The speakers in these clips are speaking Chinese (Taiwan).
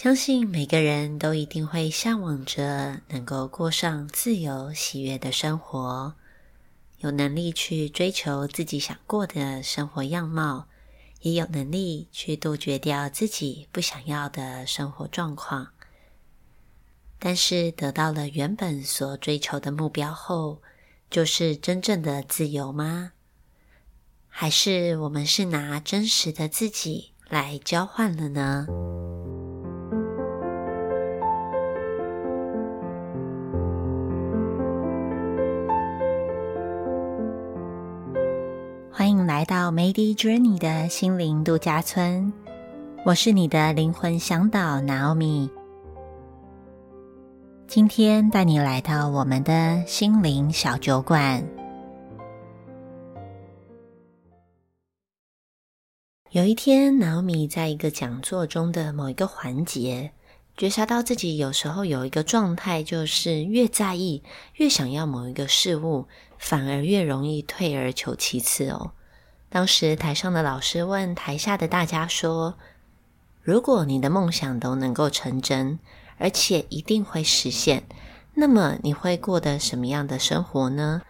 相信每個人都一定會嚮往着能夠過上自由喜悅的生活，有能力去追求自己想過的生活樣貌，也有能力去杜絕掉自己不想要的生活狀況。但是，得到了原本所追求的目標後，就是真正的自由嗎？還是我們是拿真實的自己來交換了呢？歡迎來到 Made Journey 的心靈度假村，我是你的靈魂向導 Naomi。今天帶你來到我們的心靈小酒館。有一天，Naomi 在一個講座中的某一個環節，覺察到自己有時候有一個狀態，就是越在意，越想要某一個事物。反而越容易退而求其次哦。當時台上的老師問台下的大家說：“如果你的夢想都能夠成真，而且一定會實現，那麼你會過得什麼樣的生活呢？”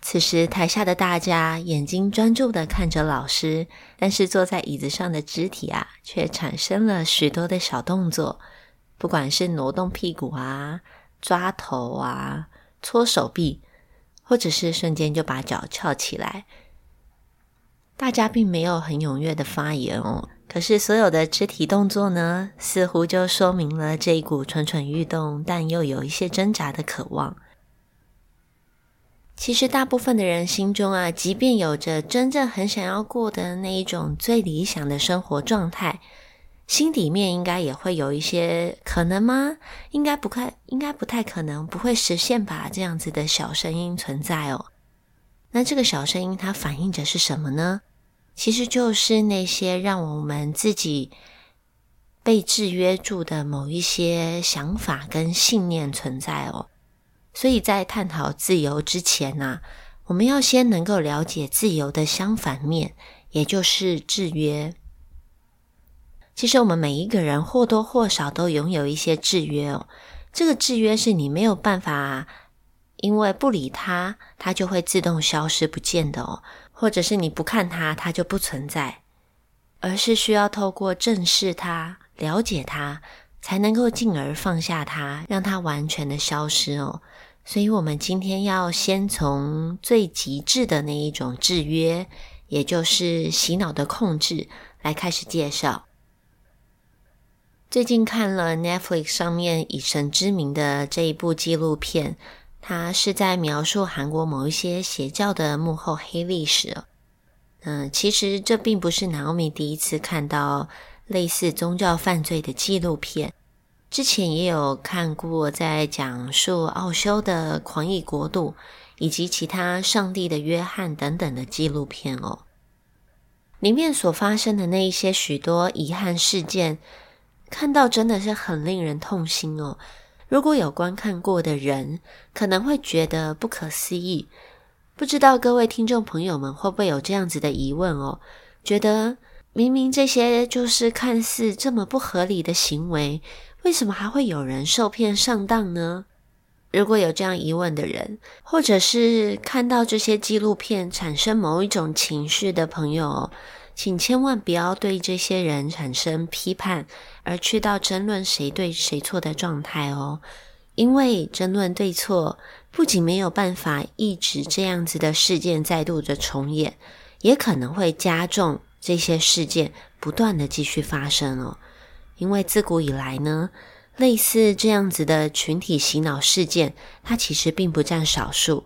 此時台下的大家眼睛專注的看着老師，但是坐在椅子上的肢體啊，卻產生了許多的小動作，不管是挪動屁股啊、抓頭啊、搓手臂。或者是瞬間就把腳翹起來，大家並沒有很踴躍的發言哦。可是所有的肢體動作呢，似乎就說明了這一股蠢蠢欲動，但又有一些掙扎的渴望。其實大部分的人心中啊，即便有着真正很想要過的那一種最理想的生活狀態，心裡面應該也會有一些可能嗎？應該不太，應該不太可能，不會實現吧？這樣子的小聲音存在哦。那這個小聲音它反映着是什麼呢？其實就是那些讓我們自己被制約住的某一些想法跟信念存在哦。所以在探討自由之前呢、啊，我們要先能夠了解自由的相反面，也就是制約。其實我們每一個人或多或少都擁有一些制約哦，這個制約是你沒有辦法啊，因為不理它，它就會自動消失不見的哦，或者是你不看它，它就不存在，而是需要透過正視它、了解它，才能夠進而放下它，讓它完全的消失哦。所以，我們今天要先從最極致的那一種制約，也就是洗腦的控制來開始介紹。最近看了 Netflix 上面以神之名的這一部紀錄片，它是在描述韓國某一些邪教的幕後黑歷史。嗯，其實這並不是 Naomi 第一次看到類似宗教犯罪的紀錄片，之前也有看過在講述奧修的狂野國度以及其他上帝的約翰等等的紀錄片哦。裡面所發生的那一些許多遺憾事件，看到真的是很令人痛心哦。如果有觀看過的人，可能會覺得不可思議。不知道各位聽眾朋友們會不會有這樣子的疑問哦？覺得明明這些就是看似這麼不合理的行為，為什麼還會有人受騙上當呢？如果有這樣疑問的人，或者是看到這些紀錄片產生某一種情緒的朋友哦，請千萬不要對這些人產生批判，而去到爭論誰對誰錯的狀態哦。因為爭論對錯，不僅沒有辦法抑止這樣子的事件再度的重演，也可能會加重這些事件不斷的繼續發生哦。因為自古以來呢，類似這樣子的群體洗腦事件，它其實並不佔少數，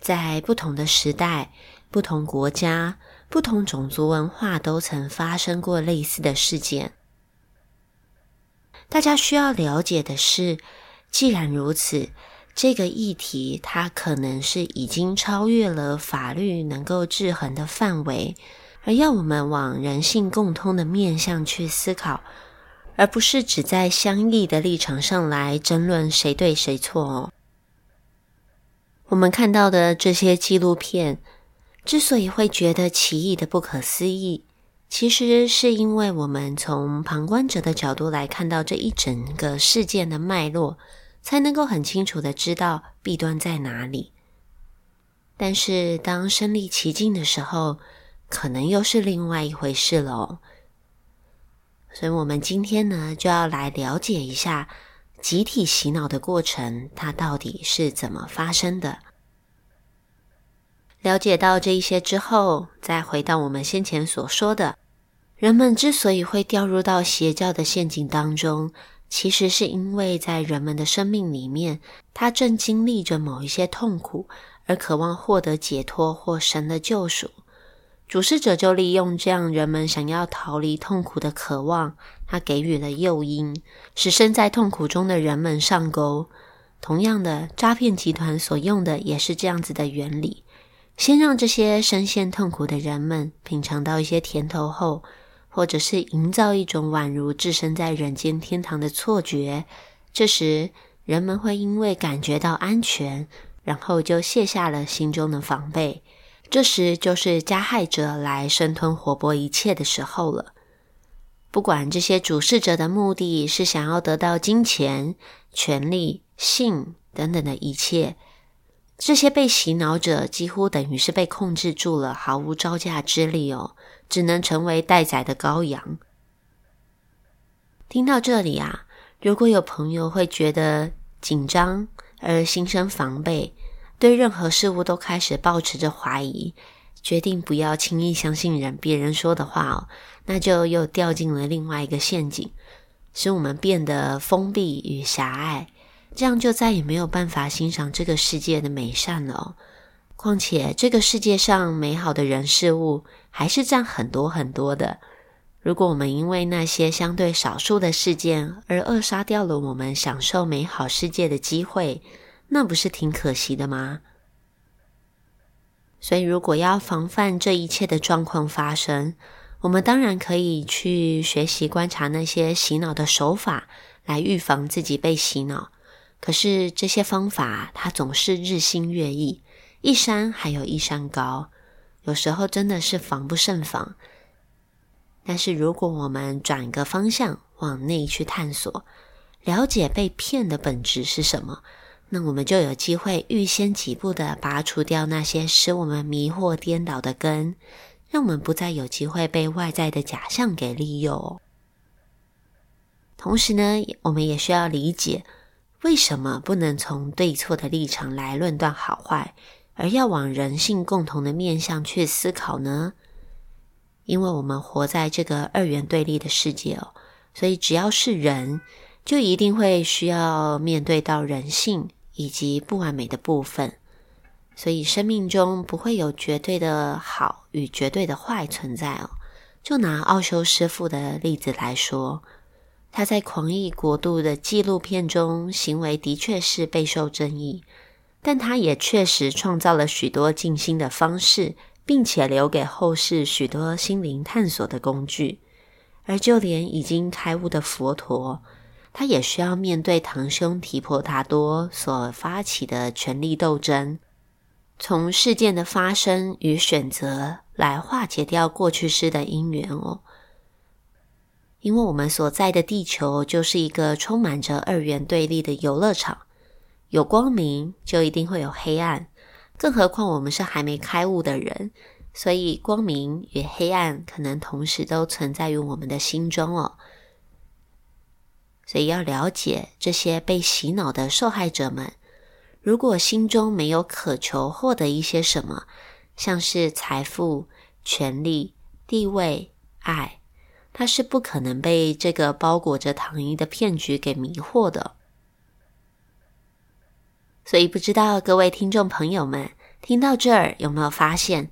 在不同的時代、不同國家。不同種族文化都曾發生過類似的事件。大家需要了解的是，既然如此，這個議題它可能是已經超越了法律能夠制衡的範圍，而要我們往人性共通的面向去思考，而不是只在相異的立場上來爭論誰對誰錯哦。我們看到的這些紀錄片。之所以會覺得奇異的不可思議，其實是因為我們從旁觀者的角度來看到這一整個事件的脈絡，才能夠很清楚的知道弊端在哪裡。但是當身歷其境的時候，可能又是另外一回事嘍。所以，我們今天呢，就要來了解一下集體洗腦的過程，它到底是怎麼發生的。了解到這一些之後，再回到我們先前所說的，人們之所以會掉入到邪教的陷阱當中，其實是因為在人們的生命裡面，他正經歷着某一些痛苦，而渴望獲得解脫或神的救贖。主事者就利用這樣人們想要逃離痛苦的渴望，他給予了誘因，使身在痛苦中的人們上鈎。同樣的，詐騙集團所用的也是這樣子的原理。先讓這些深陷痛苦的人們品嘗到一些甜頭後，或者是營造一種宛如置身在人間天堂的錯覺，這時人們會因為感覺到安全，然後就卸下了心中的防備。這時就是加害者來生吞活剝一切的時候了。不管這些主事者的目的是想要得到金錢、權力、性等等的一切。這些被洗腦者幾乎等於是被控制住了，毫無招架之力哦，只能成為待宰的羔羊。聽到這裡啊，如果有朋友會覺得緊張而心生防備，對任何事物都開始抱持着懷疑，決定不要輕易相信人別人說的話哦，那就又掉進了另外一個陷阱，使我們變得封閉與狹隘。這樣就再也沒有辦法欣賞這個世界的美善了。況且，這個世界上美好的人事物還是占很多很多的。如果我們因為那些相對少數的事件而扼殺掉了我們享受美好世界的機會，那不是挺可惜的嗎？所以，如果要防範這一切的狀況發生，我們當然可以去學習觀察那些洗腦的手法，來預防自己被洗腦。可是這些方法，它總是日新月異，一山還有一山高，有時候真的是防不勝防。但是如果我們轉個方向，往內去探索，了解被騙的本質是什麼，那我們就有機會預先幾步的拔除掉那些使我們迷惑顛倒的根，讓我們不再有機會被外在的假象給利用哦。同時呢，我們也需要理解。為什麼不能從對錯的立場來論斷好壞，而要往人性共同的面向去思考呢？因為我們活在這個二元對立的世界哦，所以只要是人，就一定會需要面對到人性以及不完美的部分。所以生命中不會有絕對的好與絕對的壞存在哦。就拿奧修師父的例子來說。他在狂野國度的紀錄片中行為的確是備受爭議，但他也確實創造了許多靜心的方式，並且留給後世許多心靈探索的工具。而就連已經開悟的佛陀，他也需要面對堂兄提婆達多所發起的權力鬥爭，從事件的發生與選擇來化解掉過去世的因緣哦。因為我們所在的地球就是一個充滿着二元對立的遊樂場，有光明就一定會有黑暗，更何況我們是還沒開悟的人，所以光明與黑暗可能同時都存在於我們的心中哦。所以要了解這些被洗腦的受害者們，如果心中沒有渴求獲得一些什麼，像是財富、權力、地位、愛。他是不可能被這個包裹着糖衣的騙局給迷惑的，所以不知道各位聽眾朋友們聽到這兒有沒有發現，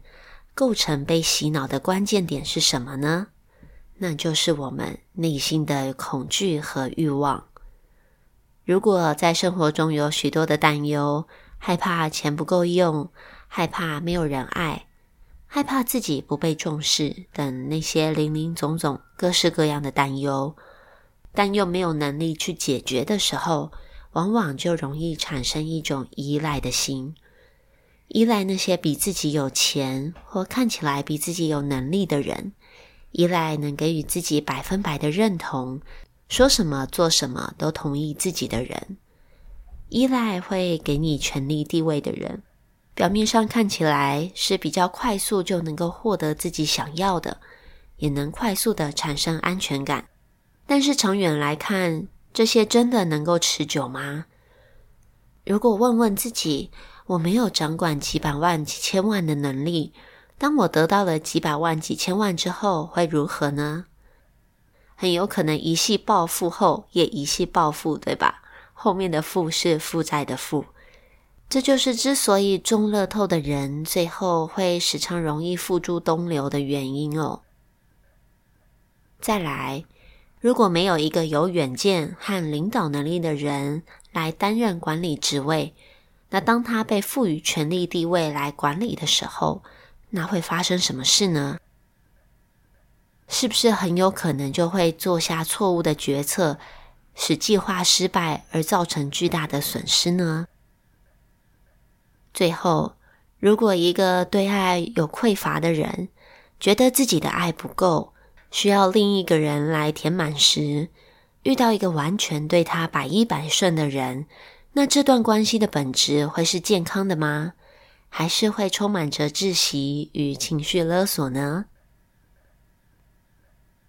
構成被洗腦的關鍵點是什麼呢？那就是我們內心的恐懼和欲望。如果在生活中有許多的擔憂，害怕錢不夠用，害怕沒有人愛。害怕自己不被重視等那些零零總總、各式各樣的擔憂，但又沒有能力去解決的時候，往往就容易產生一種依賴的心，依賴那些比自己有錢或看起來比自己有能力的人，依賴能給予自己百分百的認同、說什麼做什麼都同意自己的人，依賴會給你權力地位的人。表面上看起來是比較快速就能夠獲得自己想要的，也能快速的產生安全感。但是長遠來看，這些真的能夠持久嗎？如果問問自己，我沒有掌管幾百萬、幾千萬的能力，當我得到了幾百萬、幾千萬之後，會如何呢？很有可能一夜暴富後也一夜暴富，對吧？後面的“富”是負債的富“負”。這就是之所以中樂透的人最後會時常容易付諸東流的原因哦。再來，如果沒有一個有遠見和領導能力的人來擔任管理職位，那當他被賦予權力地位來管理的時候，那會發生什麼事呢？是不是很有可能就會做下錯誤的決策，使計劃失敗而造成巨大的損失呢？最後，如果一個對愛有匱乏的人，覺得自己的愛不夠，需要另一個人來填滿時，遇到一個完全對他百依百順的人，那這段關係的本質會是健康的嗎？還是會充滿着窒息與情緒勒索呢？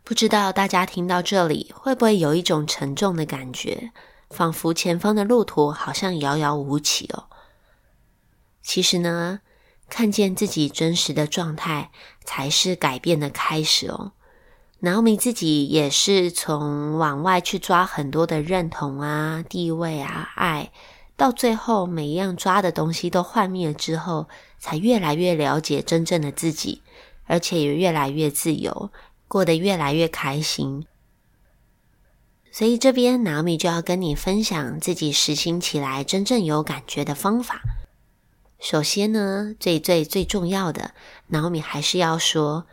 不知道大家聽到這裡，會不會有一種沉重的感覺，仿佛前方的路途好像遙遙無期哦。其實呢，看見自己真實的狀態才是改變的開始哦。Naomi 自己也是從往外去抓很多的認同啊、地位啊、愛，到最後每一樣抓的東西都幻滅了之後，才越來越了解真正的自己，而且也越來越自由，過得越來越開心。所以這邊 Naomi 就要跟你分享自己實行起來真正有感覺的方法。首先呢，最最最重要的，Naomi 還是要說，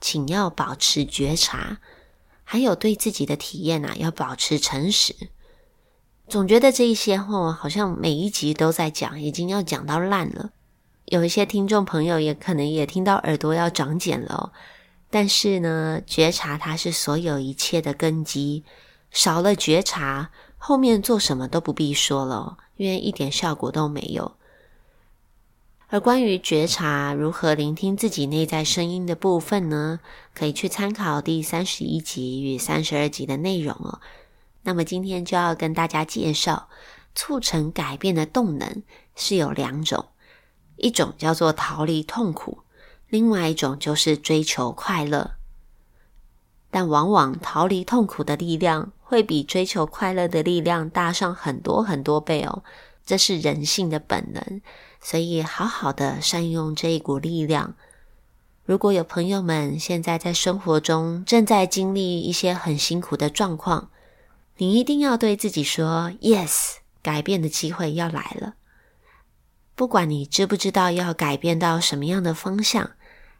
請要保持覺察，還有對自己的體驗啊，要保持誠實。總覺得這一些話好像每一集都在講，已經要講到爛了。有一些聽眾朋友也可能也聽到耳朵要長繭了、哦。但是呢，覺察它是所有一切的根基，少了覺察，後面做什麼都不必說了、哦，因為一點效果都沒有。而關於覺察如何聆聽自己內在聲音的部分呢？可以去參考第三十一集與三十二集的內容哦。那麼今天就要跟大家介紹，促成改變的動能是有兩種，一種叫做逃離痛苦，另外一種就是追求快樂。但往往逃離痛苦的力量會比追求快樂的力量大上很多很多倍哦，這是人性的本能。所以，好好的善用這一股力量。如果有朋友們現在在生活中正在經歷一些很辛苦的狀況，你一定要對自己說 “yes”，改變的機會要來了。不管你知不知道要改變到什麼樣的方向，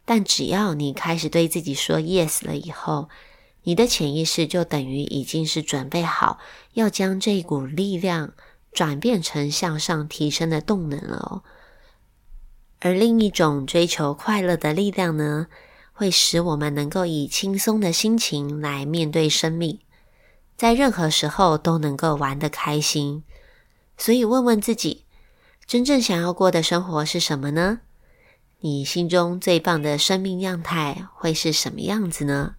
但只要你開始對自己說 “yes” 了以後，你的潛意識就等於已經是準備好要將這一股力量。轉變成向上提升的動能了哦，而另一種追求快樂的力量呢，會使我們能夠以輕鬆的心情來面對生命，在任何時候都能夠玩得開心。所以，問問自己，真正想要過的生活是什麼呢？你心中最棒的生命樣態會是什麼樣子呢？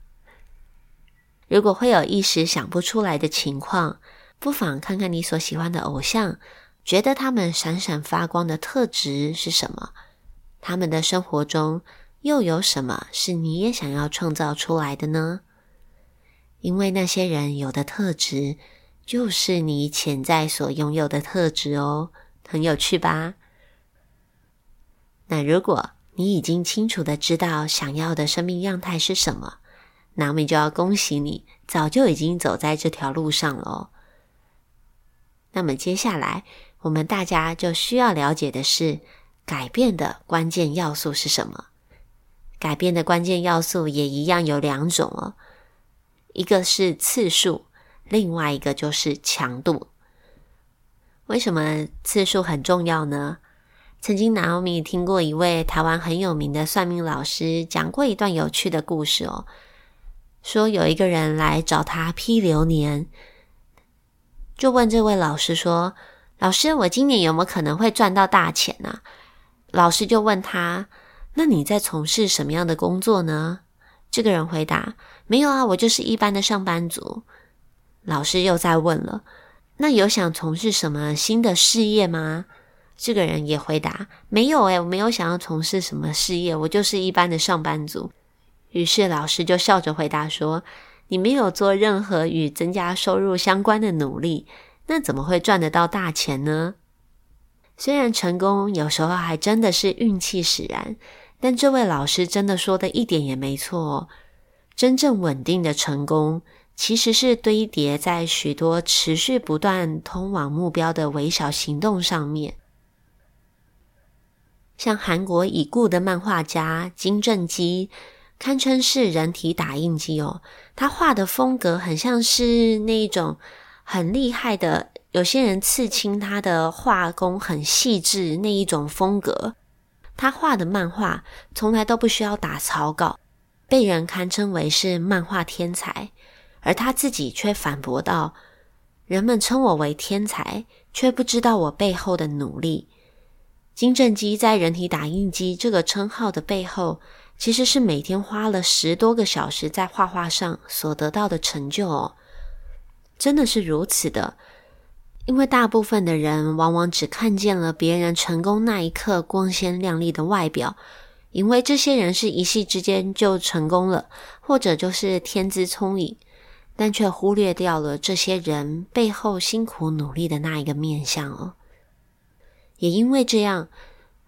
如果會有一時想不出來的情況，不妨看看你所喜歡的偶像，覺得他們閃閃發光的特質是什麼？他們的生活中又有什麼是你也想要創造出來的呢？因為那些人有的特質，就是你潛在所擁有的特質哦，很有趣吧？那如果你已經清楚地知道想要的生命樣態是什麼，那我們就要恭喜你，早就已經走在這條路上了。那麼接下來，我們大家就需要了解的是，改變的關鍵要素是什麼？改變的關鍵要素也一樣有兩種哦，一個是次數，另外一個就是強度。為什麼次數很重要呢？曾經 Naomi 聽過一位台灣很有名的算命老師講過一段有趣的故事哦，說有一個人來找他批流年。就問這位老師說：“老師，我今年有沒有可能會賺到大錢呢？”老師就問他：“那你在從事什麼樣的工作呢？”這個人回答：“沒有啊，我就是一般的上班族。”老師又再問了：“那有想從事什麼新的事業嗎？”這個人也回答：“沒有誒，我沒有想要從事什麼事業，我就是一般的上班族。”於是老師就笑着回答說。你沒有做任何與增加收入相關的努力，那怎麼會賺得到大錢呢？雖然成功有時候還真的是運氣使然，但這位老師真的說的一點也沒錯哦。真正穩定的成功，其實是堆疊在許多持續不斷通往目標的微小行動上面。像韓國已故的漫畫家金正基。堪稱是人體打印機哦，他畫的風格很像是那一種很厲害的，有些人刺青他的畫工很細緻那一種風格。他畫的漫畫從來都不需要打草稿，被人堪稱為是漫畫天才，而他自己卻反駁道：“人們稱我為天才，卻不知道我背後的努力。”金正基在“人體打印機”這個稱號的背後。其實是每天花了十多個小時在畫畫上所得到的成就哦，真的是如此的。因為大部分的人往往只看見了別人成功那一刻光鮮亮麗的外表，以為這些人是一夕之間就成功了，或者就是天資聰穎，但卻忽略掉了這些人背後辛苦努力的那一個面向哦。也因為這樣，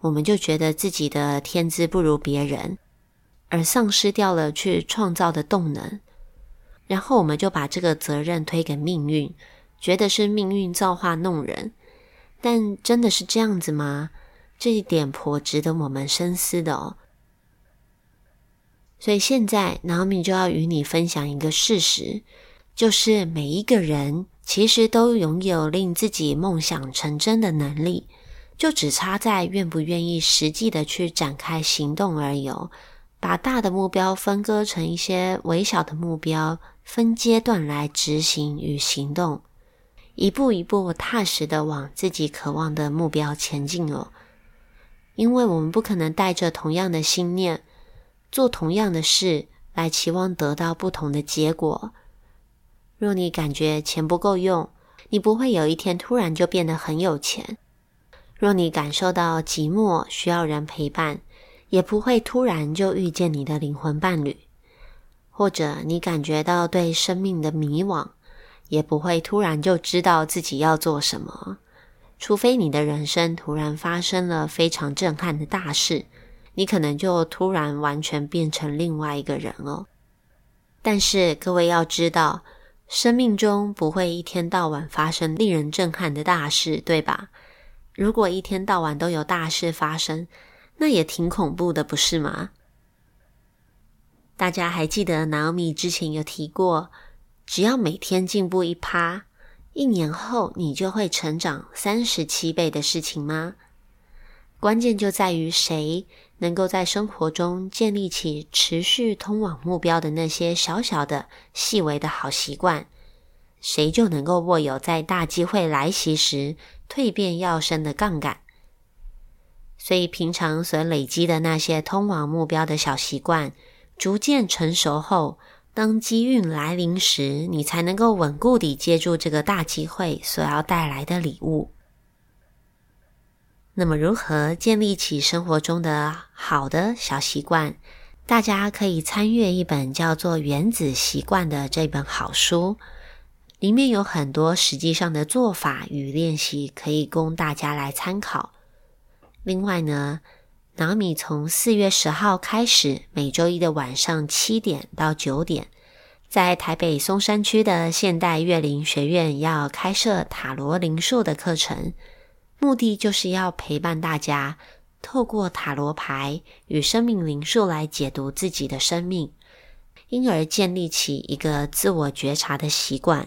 我們就覺得自己的天資不如別人。而喪失掉了去創造的動能，然後我們就把這個責任推給命運，覺得是命運造化弄人。但真的是這樣子嗎？這一點頗值得我們深思的哦。所以現在，Naomi 就要與你分享一個事實，就是每一個人其實都擁有令自己夢想成真的能力，就只差在願不願意實際的去展開行動而已。把大的目標分割成一些微小的目標，分階段來執行與行動，一步一步踏實的往自己渴望的目標前進哦。因為我們不可能帶着同樣的信念，做同樣的事，來期望得到不同的結果。若你感覺錢不夠用，你不會有一天突然就變得很有錢。若你感受到寂寞，需要人陪伴。也不會突然就遇見你的靈魂伴侶，或者你感覺到對生命的迷惘，也不會突然就知道自己要做什麼。除非你的人生突然發生了非常震撼的大事，你可能就突然完全變成另外一個人哦。但是各位要知道，生命中不會一天到晚發生令人震撼的大事，對吧？如果一天到晚都有大事發生，那也挺恐怖的，不是嗎？大家還記得 Naomi 之前有提過，只要每天進步一趴，一年後你就會成長三十七倍的事情嗎？關鍵就在於誰能夠在生活中建立起持續通往目標的那些小小的、細微的好習慣，誰就能夠握有在大機會來襲時蛻變躍升的槓桿。所以，平常所累積的那些通往目標的小習慣，逐漸成熟後，當機運來臨時，你才能夠穩固地接住這個大機會所要帶來的禮物。那麼，如何建立起生活中的好的小習慣？大家可以參閱一本叫做《原子習慣》的這本好書，裡面有很多實際上的做法與練習，可以供大家來參考。另外呢，Naomi 從四月十號開始，每周一的晚上七點到九點，在台北松山區的現代悅齡學苑要開設塔羅靈數的課程，目的就是要陪伴大家，透過塔羅牌與生命靈數來解讀自己的生命，因而建立起一個自我覺察的習慣，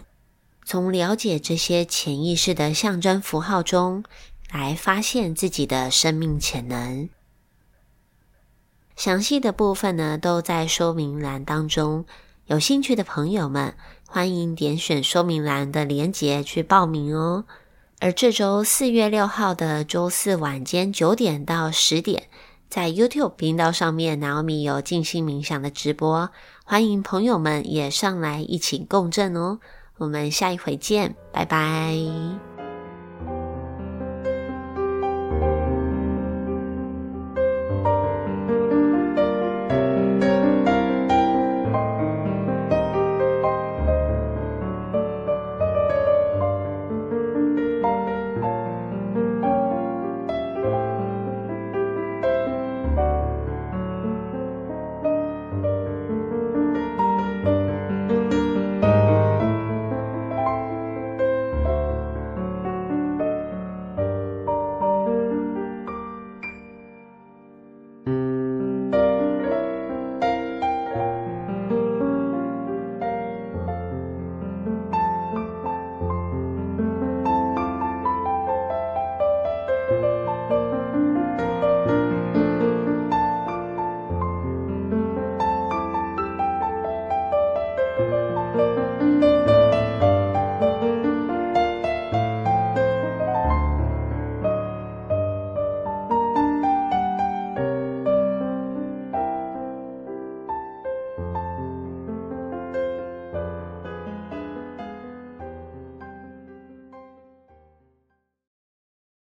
從了解這些潛意識的象徵符號中。來發現自己的生命潛能。詳細的部分呢，都在說明欄當中。有興趣的朋友們，歡迎點選說明欄的鏈接去報名哦。而這周四月六號的周四晚間九點到十點，在 YouTube 頻道上面，Naomi 有靜心冥想的直播，歡迎朋友們也上來一起共振哦。我們下一回見，拜拜。